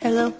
Hello.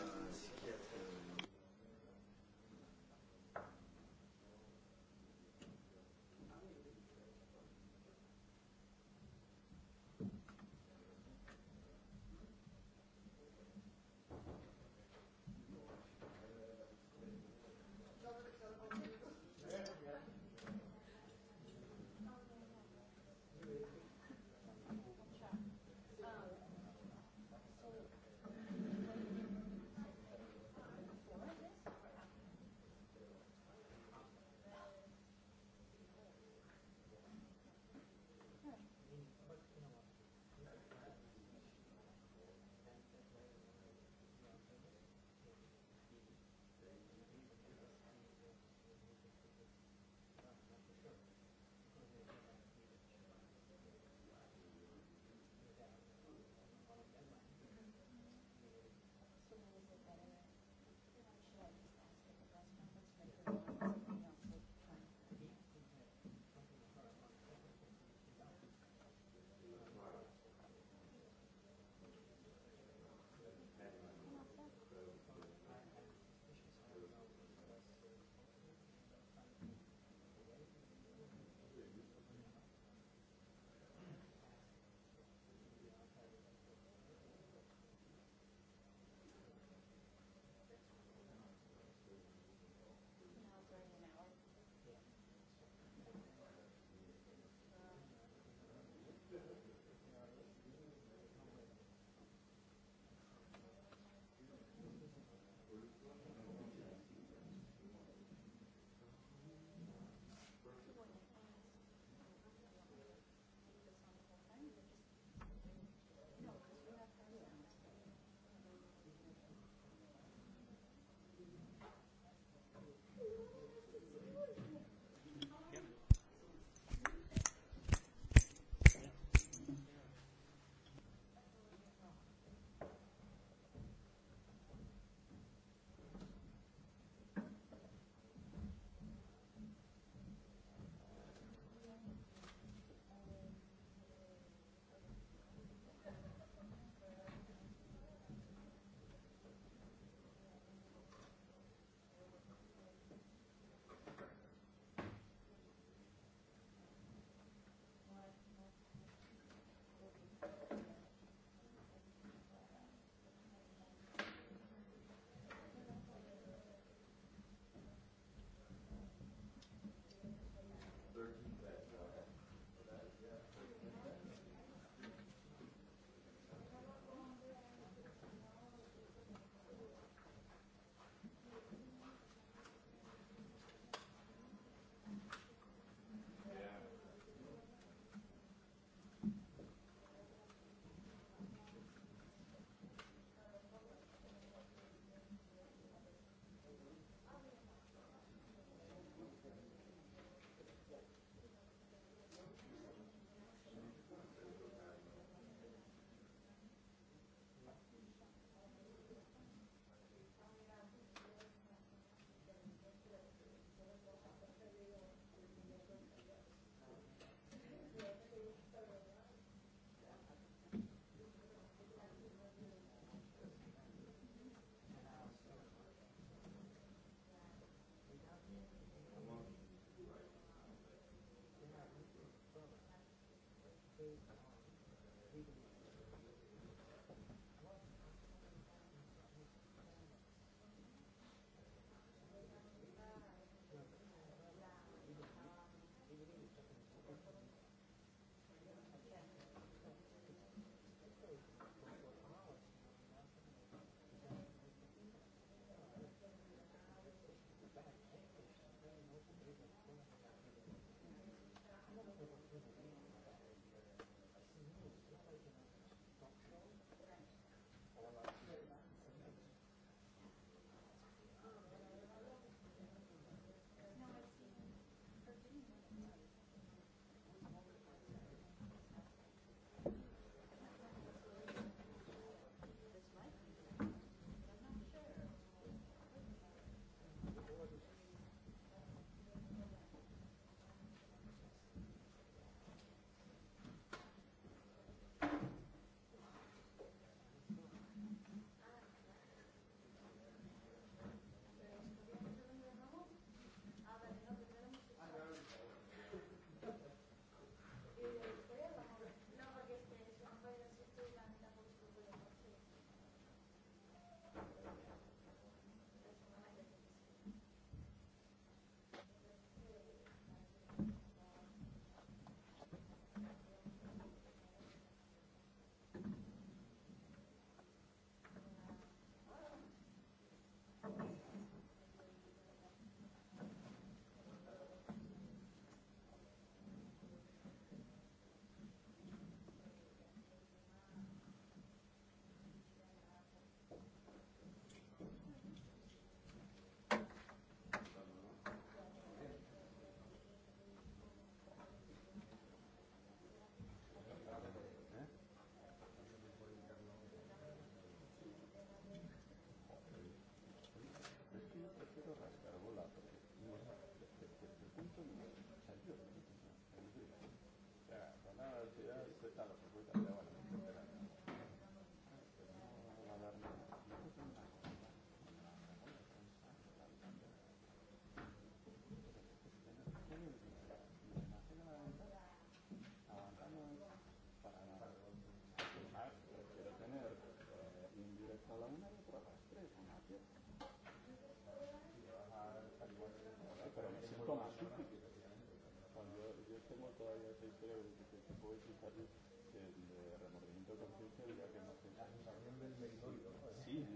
Sí,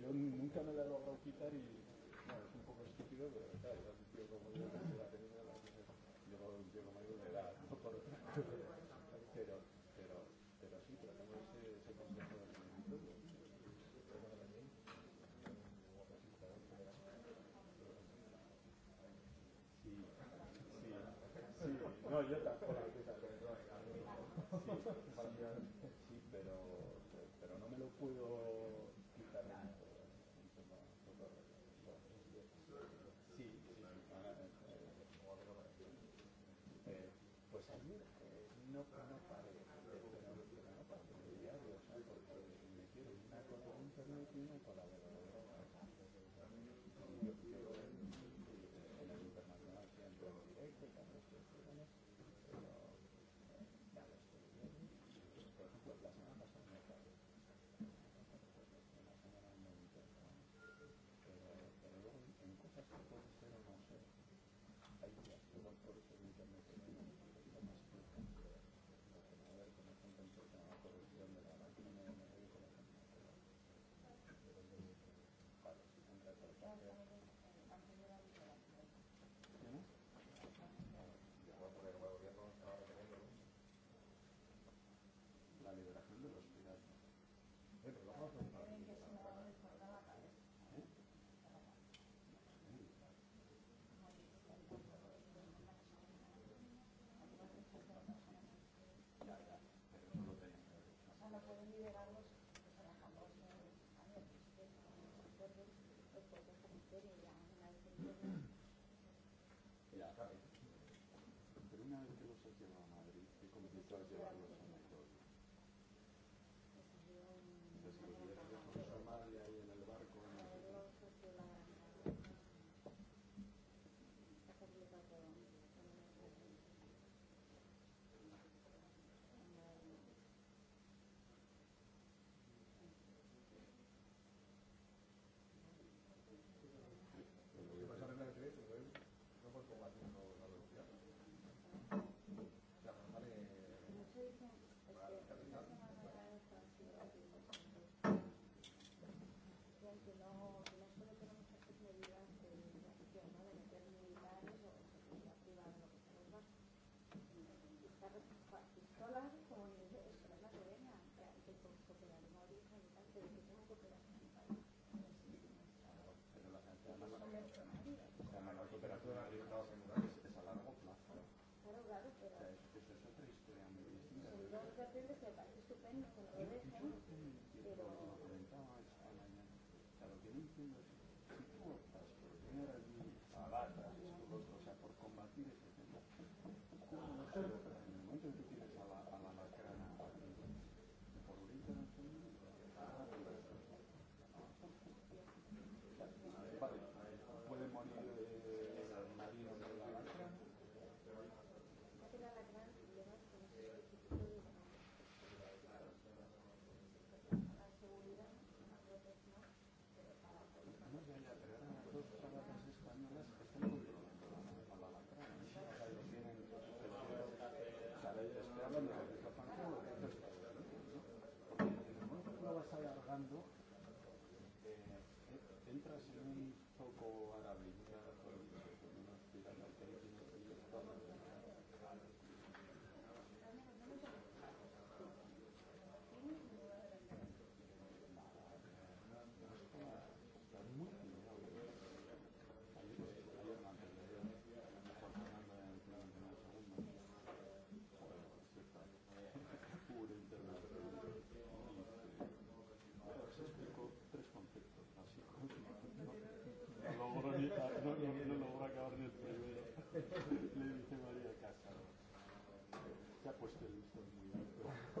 yo nunca me la quitar y un poco pero no, no, no, no,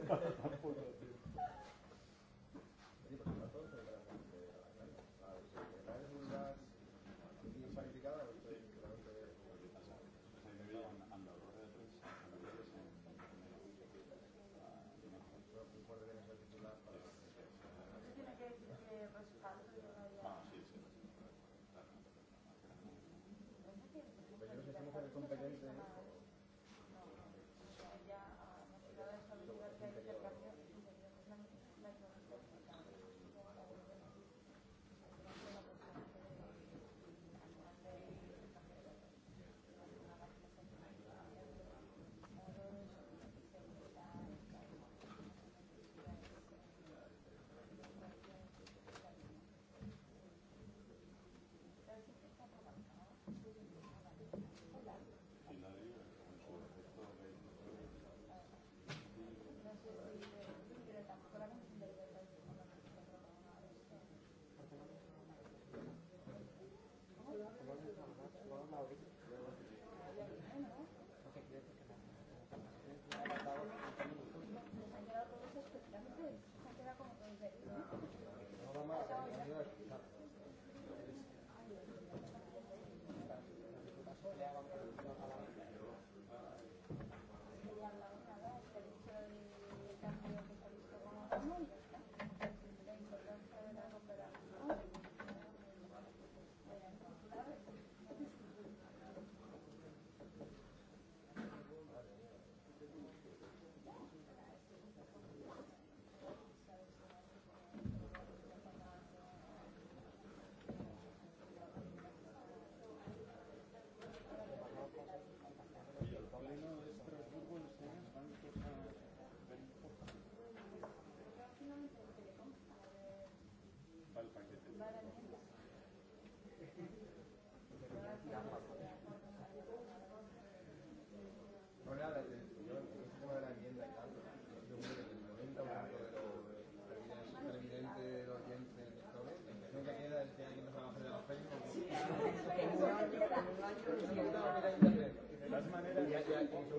κατά ναι. τα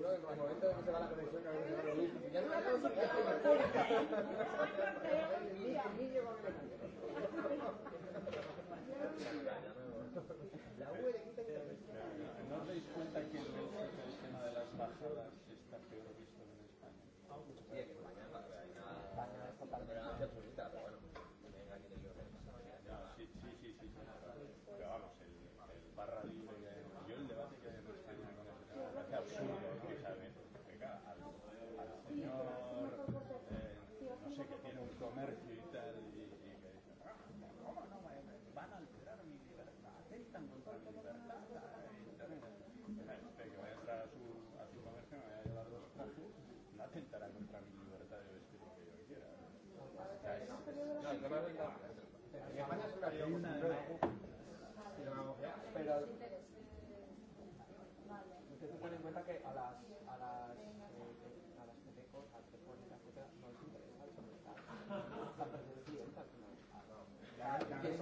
seguro que no se va la conexión, a veces se va lo mismo. Ya no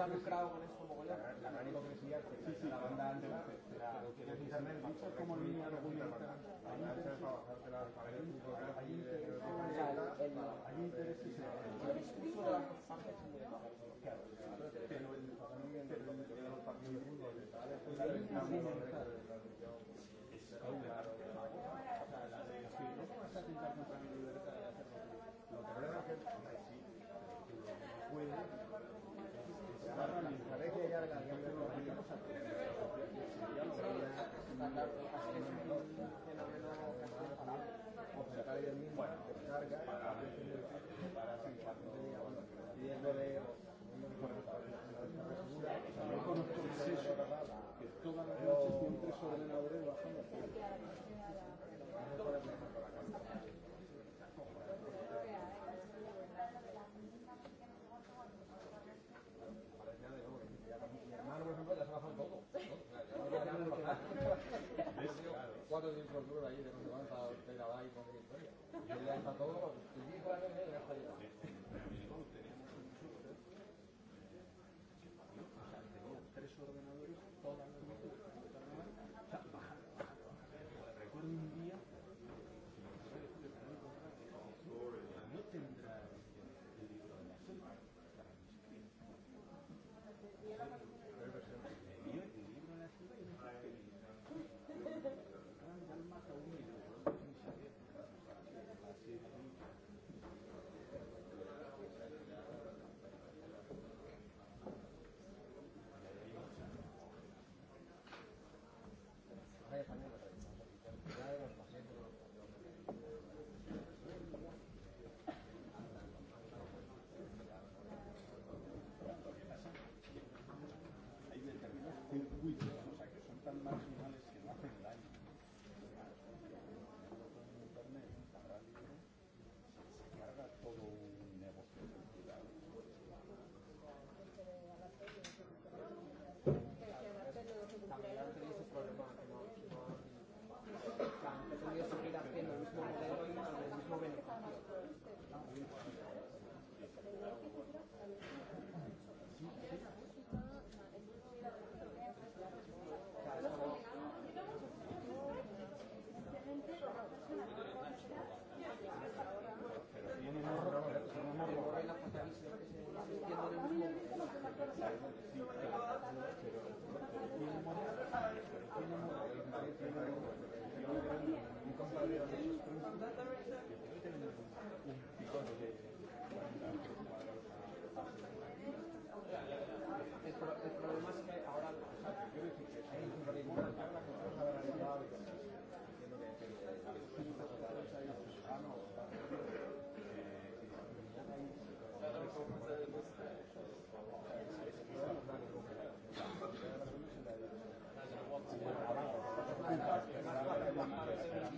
ha lucrado con esto mogollón. La único que que la banda ancha, internet, dicho como línea reguladora. Allí interesa allí interesa el discurso de las pasajes muy bajo. Thank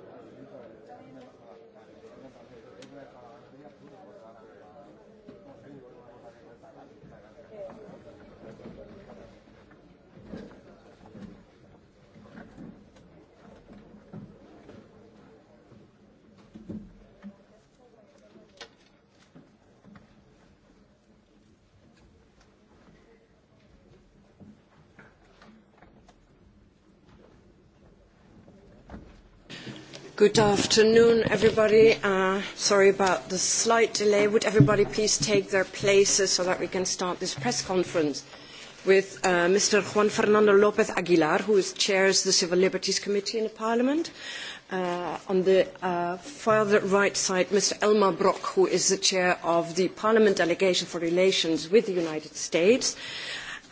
Good afternoon, everybody. Sorry about the slight delay. Would everybody please take their places so that we can start this press conference with Mr. Juan Fernando López Aguilar, who chairs the Civil Liberties Committee in the Parliament. On the further right side, Mr. Elmar Brok, who is the chair of the Parliament Delegation for Relations with the United States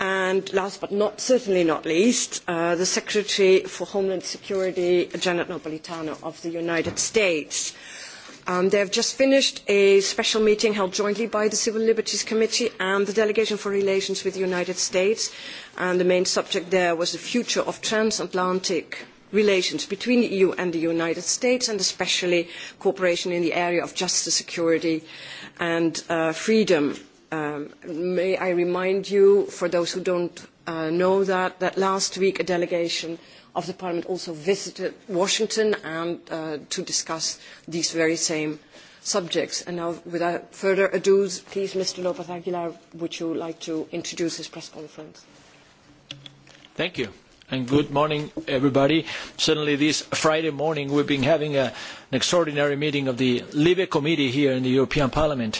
And last but not certainly not least, the Secretary for Homeland Security, Janet Napolitano of the United States. They have just finished a special meeting held jointly by the Civil Liberties Committee and the Delegation for Relations with the United States, and the main subject there was the future of transatlantic relations between the EU and the United States, and especially cooperation in the area of justice, security and freedom. May I remind you, for those who don't know that, that last week a delegation of the Parliament also visited Washington and to discuss these very same subjects. And now, without further ado, please, Mr. López Aguilar, would you like to introduce this press conference? Thank you and good morning everybody. Certainly this Friday morning we've been having an extraordinary meeting of the LIBE committee here in the European Parliament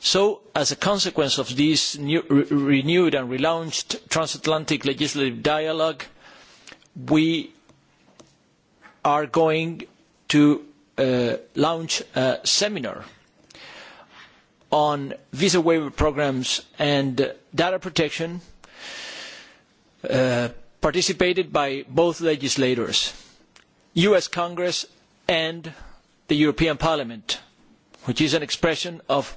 So, as a consequence of this renewed and relaunched transatlantic legislative dialogue, we are going to launch a seminar on visa waiver programs and data protection, participated by both legislators, U.S. Congress and the European Parliament, which is an expression of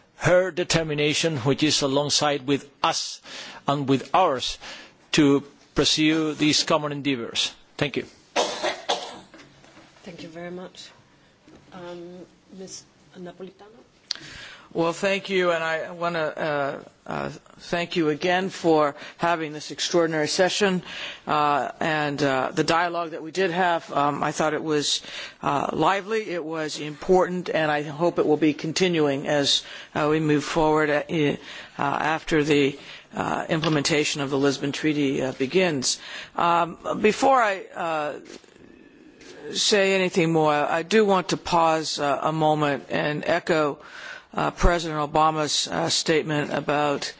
her determination, which is alongside with us and with ours, to pursue these common endeavours. Thank you. Thank you very much. Ms. Napolitano. Well, thank you, and I want to thank you again for having this extraordinary session and the dialogue that we did have. I thought it was lively, it was important, and I hope it will be continuing as we move forward after the implementation of the Lisbon Treaty begins. Before I say anything more, I do want to pause a moment and echo President Obama's statement about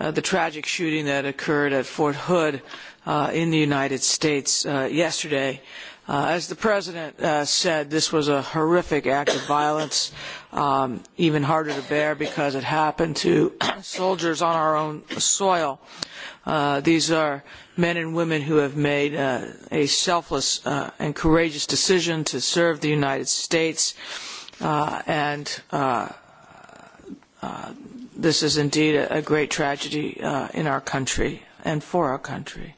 the tragic shooting that occurred at Fort Hood in the United States yesterday. As the President said, this was a horrific act of violence, even harder to bear because it happened to soldiers on our own soil. These are men and women who have made a selfless and courageous decision to serve the United States and This is indeed a great tragedy in our country and for our country.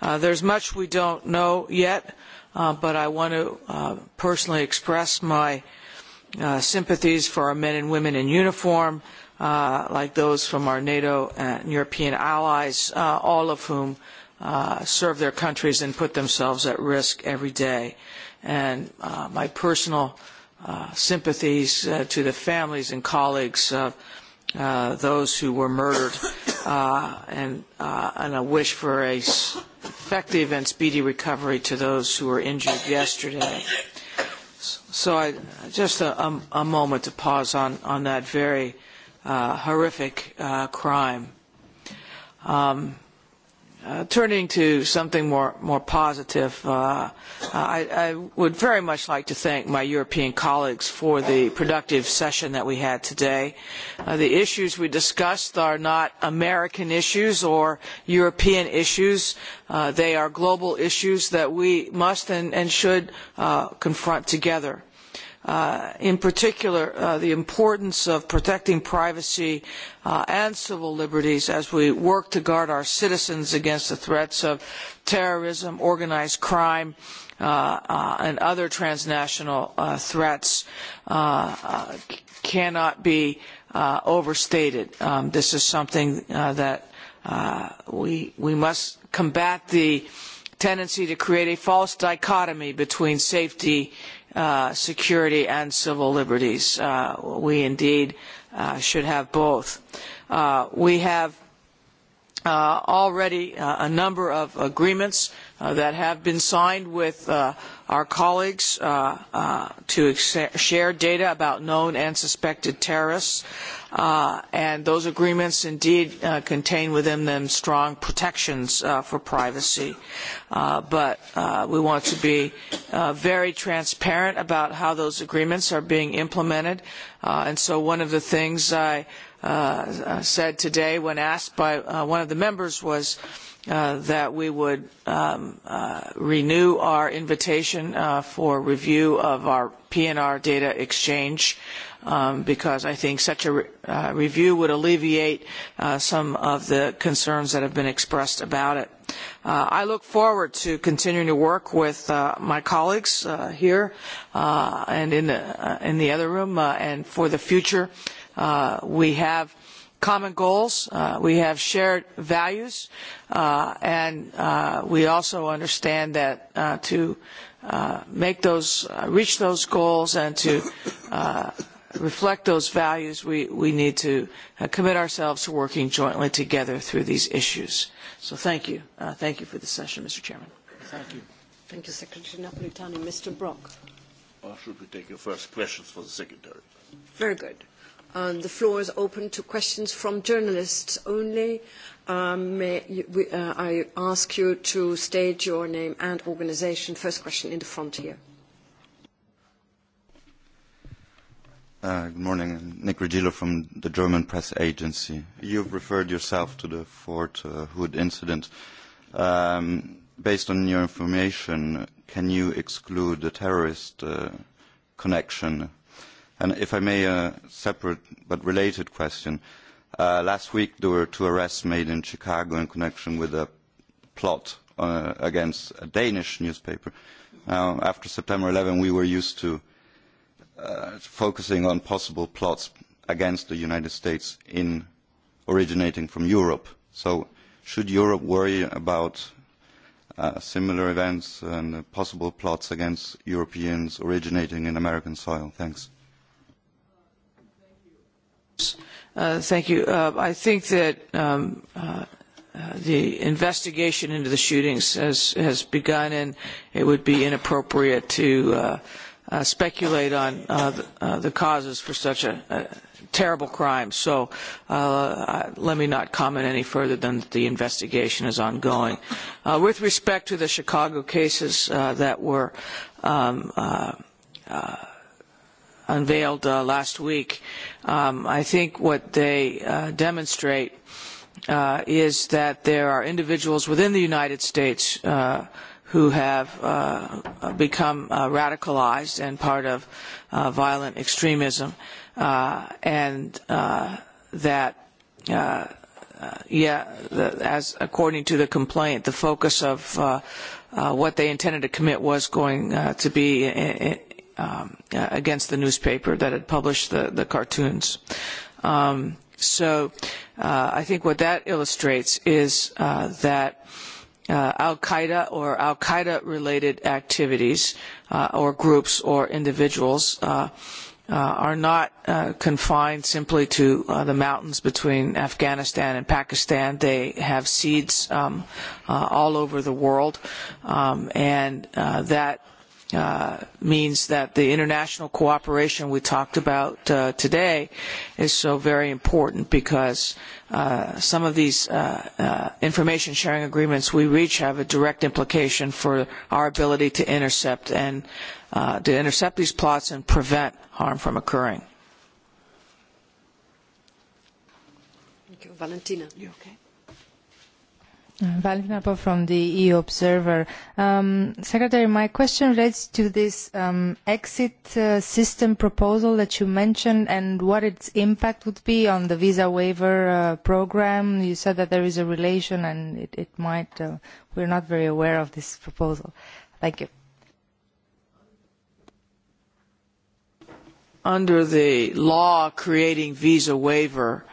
There's much we don't know yet, but I want to personally express my sympathies for our men and women in uniform, like those from our NATO and European allies, all of whom serve their countries and put themselves at risk every day. And my personal sympathies to the families and colleagues of those who were murdered and and a wish for a effective and speedy recovery to those who were injured yesterday. So just a moment to pause on that very horrific crime. Turning to something more positive, I would very much like to thank my European colleagues for the productive session that we had today. The issues we discussed are not American issues or European issues. They are global issues that we must and should confront together in particular the importance of protecting privacy and civil liberties as we work to guard our citizens against the threats of terrorism, organized crime and other transnational threats cannot be overstated. This is something that we must combat the tendency to create a false dichotomy between safety security and civil liberties. We indeed should have both. We have already a number of agreements that have been signed with our colleagues to share data about known and suspected terrorists. And those agreements indeed contain within them strong protections for privacy. But we want to be very transparent about how those agreements are being implemented. And so one of the things I said today when asked by one of the members was that we would renew our invitation for review of our PNR data exchange because I think such a review would alleviate some of the concerns that have been expressed about it. I look forward to continuing to work with my colleagues here and in the other room and for the future. We have common goals we have shared values and we also understand that to make those reach those goals and to reflect those values we need to commit ourselves to working jointly together through these issues so thank you thank you for the session mr chairman thank you thank you secretary Napolitani. mr brock should we take your first questions for the secretary very good The floor is open to questions from journalists only. I ask you to state your name and organisation. First question in the front here. Good morning. Nick Regillo from the German press agency. You've referred yourself to the Fort Hood incident. Based on your information, can you exclude the terrorist connection if I may, a separate but related question. Last week there were two arrests made in Chicago in connection with a plot against a Danish newspaper. Now, after September 11, we were used to focusing on possible plots against the United States in originating from Europe. So should Europe worry about similar events and possible plots against Europeans originating in American soil? Thanks. Thank you. I think that the investigation into the shootings has begun, and it would be inappropriate to speculate on the causes for such a terrible crime. So let me not comment any further than that the investigation is ongoing. With respect to the Chicago cases that were unveiled last week, I think what they demonstrate is that there are individuals within the United States who have become radicalized and part of violent extremism, and that, yeah, as according to the complaint, the focus of what they intended to commit was going to be against the newspaper that had published the cartoons. So I think what that illustrates is that Al-Qaeda or Al-Qaeda-related activities or groups or individuals are not confined simply to the mountains between Afghanistan and Pakistan. They have seeds all over the world, and that means that the international cooperation we talked about today is so very important because some of these information sharing agreements we reach have a direct implication for our ability to intercept and to intercept these plots and prevent harm from occurring. Valentina, you okay? Valentina from the EU Observer. Secretary, my question relates to this exit system proposal that you mentioned and what its impact would be on the visa waiver program. You said that there is a relation and it might, we're not very aware of this proposal. Thank you. Under the law creating visa waiver,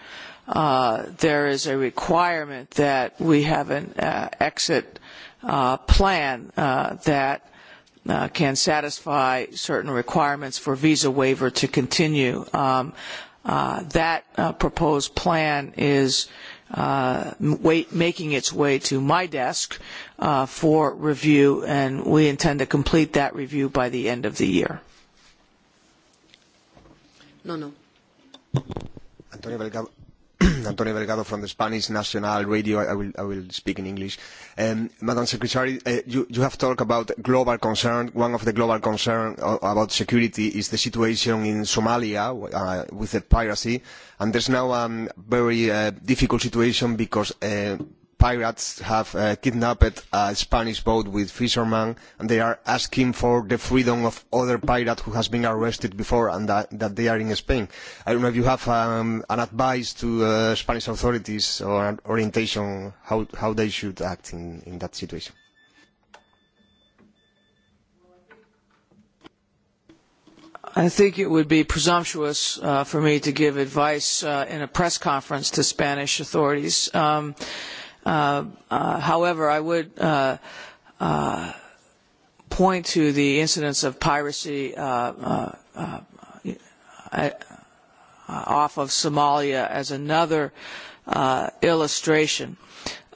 there is a requirement that we have an exit plan that can satisfy certain requirements for visa waiver to continue. That proposed plan is making its way to my desk for review, and we intend to complete that review by the end of the year. No, Antonio Antonio Vergado from the Spanish National Radio. I will, I will speak in English. Madam Secretary, you, you have talked about global concern. One of the global concerns about security is the situation in Somalia with the piracy. And there's now a very difficult situation because pirates have kidnapped a Spanish boat with fishermen and they are asking for the freedom of other pirates who has been arrested before and that they are in Spain. I don't know if you have an advice to Spanish authorities or an orientation how how they should act in in that situation. I think it would be presumptuous for me to give advice in a press conference to Spanish authorities. However, I would point to the incidence of piracy off of Somalia as another illustration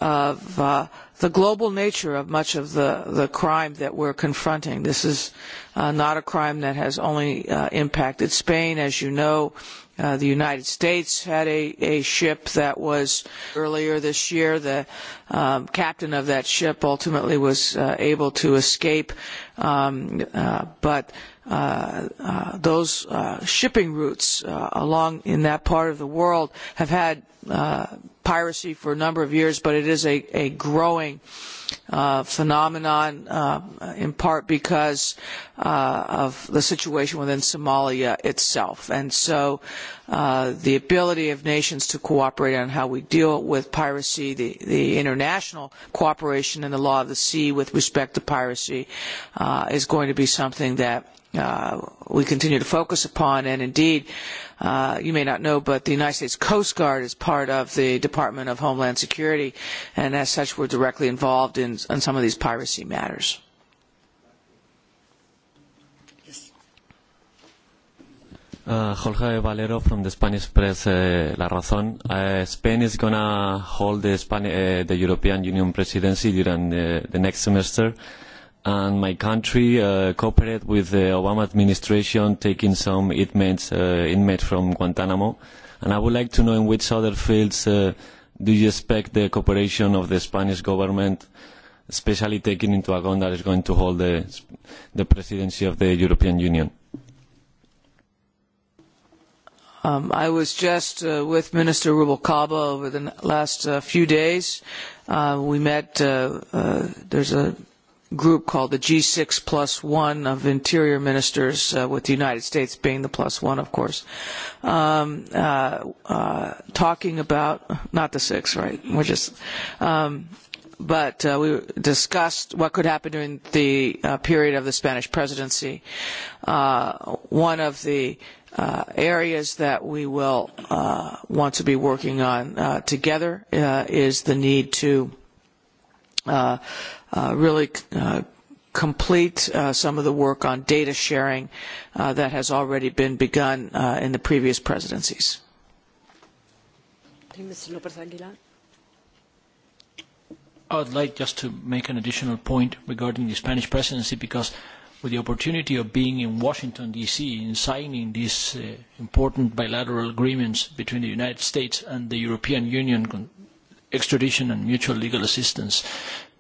of the global nature of much of the crime that we're confronting. This is not a crime that has only impacted Spain. As you know, the United States had a ship that was earlier this year. The captain of that ship ultimately was able to escape, but those shipping routes along in that part of the world have had piracy for a number of years, but it is a growing phenomenon in part because of the situation within Somalia itself. And so the ability of nations to cooperate on how we deal with piracy, the international cooperation in the law of the sea with respect to piracy is going to be something that we continue to focus upon. And indeed, you may not know, but the United States Coast Guard is part of the Department of Homeland Security, and as such, we're directly involved in some of these piracy matters. Jorge Valero from the Spanish press La Razón. Spain is going to hold the the European Union presidency during the next semester and my country cooperated with the Obama administration taking some inmates from Guantanamo. And I would like to know in which other fields do you expect the cooperation of the Spanish government, especially taking into account that it's going to hold the presidency of the European Union? I was just with Minister Rubalcaba over the last few days. We met, there's a group called the G6 plus one of interior ministers, with the United States being the plus one, of course, talking about, not the six, right, we're just, but we discussed what could happen during the period of the Spanish presidency. One of the areas that we will want to be working on together is the need to really complete some of the work on data sharing that has already been begun in the previous presidencies. I would like just to make an additional point regarding the Spanish presidency because with the opportunity of being in Washington, D.C. in signing these important bilateral agreements between the United States and the European Union, extradition and mutual legal assistance,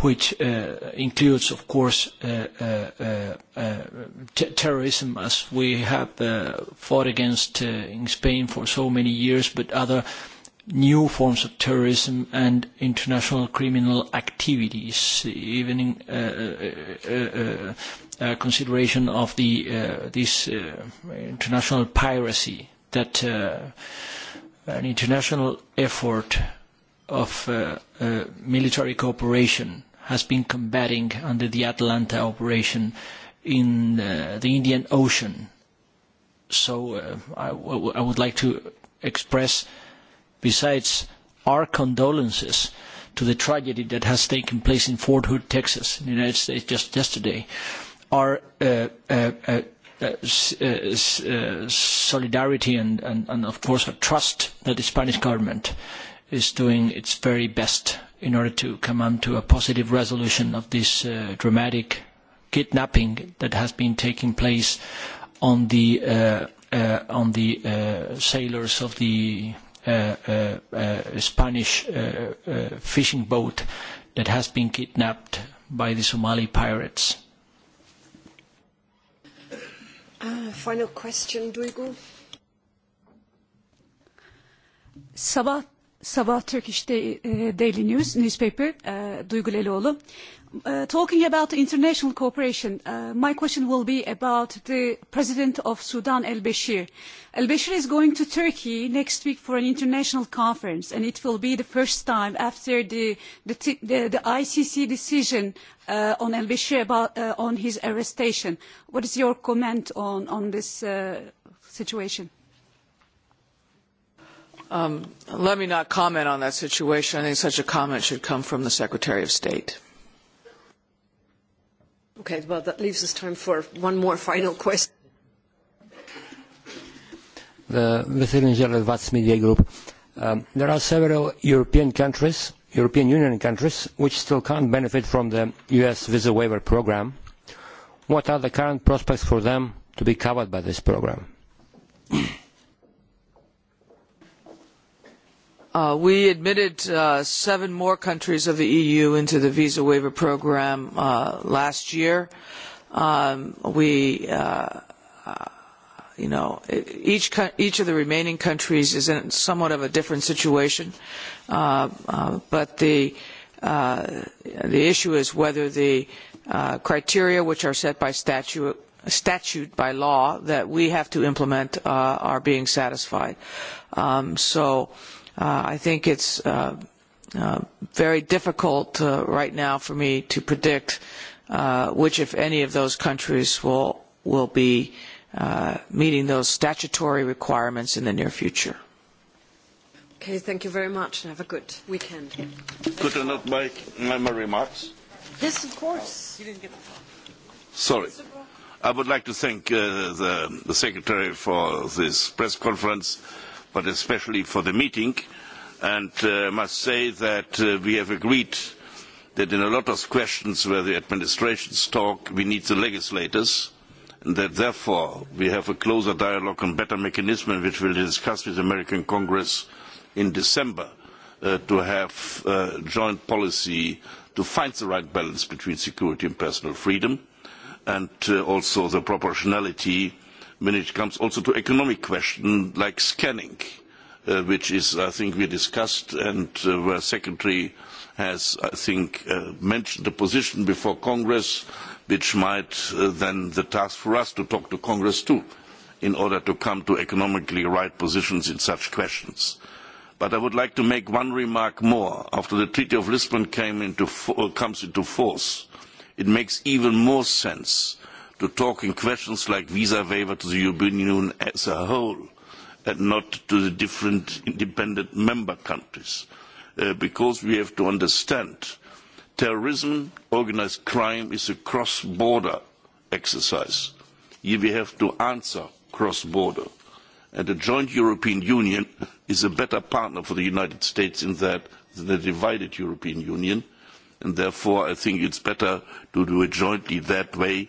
which includes, of course, terrorism, as we have fought against in Spain for so many years, but other new forms of terrorism and international criminal activities, even in consideration of this international piracy, that an international effort of military cooperation has been combating under the Atlanta operation in the Indian Ocean. So I would like to express, besides our condolences to the tragedy that has taken place in Fort Hood, Texas, in the United States just yesterday, our solidarity and, of course, our trust that the Spanish government is doing its very best in order to come on to a positive resolution of this dramatic kidnapping that has been taking place on the on the sailors of the Spanish fishing boat that has been kidnapped by the Somali pirates. Final question, Duygu. Sabah Turkish Daily News newspaper, Leloğlu. Talking about international cooperation, my question will be about the President of Sudan, El-Bashir. El-Bashir is going to Turkey next week for an international conference, and it will be the first time after the the ICC decision on El-Bashir about on his arrestation. What is your comment on this situation? Let me not comment on that situation. I think such a comment should come from the Secretary of State. Okay, well, that leaves us time for one more final question. The Vats Media Group. There are several European countries, European Union countries, which still can't benefit from the U.S. visa waiver program. What are the current prospects for them to be covered by this program? We admitted seven more countries of the EU into the visa waiver program last year. We, you know, each of the remaining countries is in somewhat of a different situation, but the issue is whether the criteria which are set by statute statute by law that we have to implement are being satisfied. So I think it's very difficult right now for me to predict which, if any, of those countries will will be meeting those statutory requirements in the near future. Okay, thank you very much and have a good weekend. Could I not make my remarks? Yes, of course. Sorry. I would like to thank the Secretary for this press conference but especially for the meeting. And I must say that we have agreed that in a lot of questions where the administrations talk, we need the legislators, and that therefore we have a closer dialogue and better mechanism which we will discuss with the American Congress in December to have joint policy to find the right balance between security and personal freedom and also the proportionality when it comes also to economic questions like scanning, which is, I think, we discussed and where Secretary has, I think, mentioned a position before Congress, which might then the task for us to talk to Congress too, in order to come to economically right positions in such questions. But I would like to make one remark more. After the Treaty of Lisbon comes into force, it makes even more sense to talk in questions like visa waiver to the European Union as a whole and not to the different independent member countries. Because we have to understand terrorism, organised crime is a cross-border exercise. we have to answer cross-border. And the joint European Union is a better partner for the United States in that than the divided European Union. And therefore, I think it's better to do it jointly that way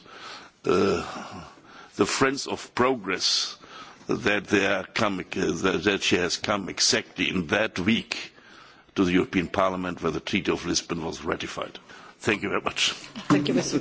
the friends of progress that they that she has come exactly in that week to the European Parliament where the Treaty of Lisbon was ratified. Thank you very much. Thank you, Mr.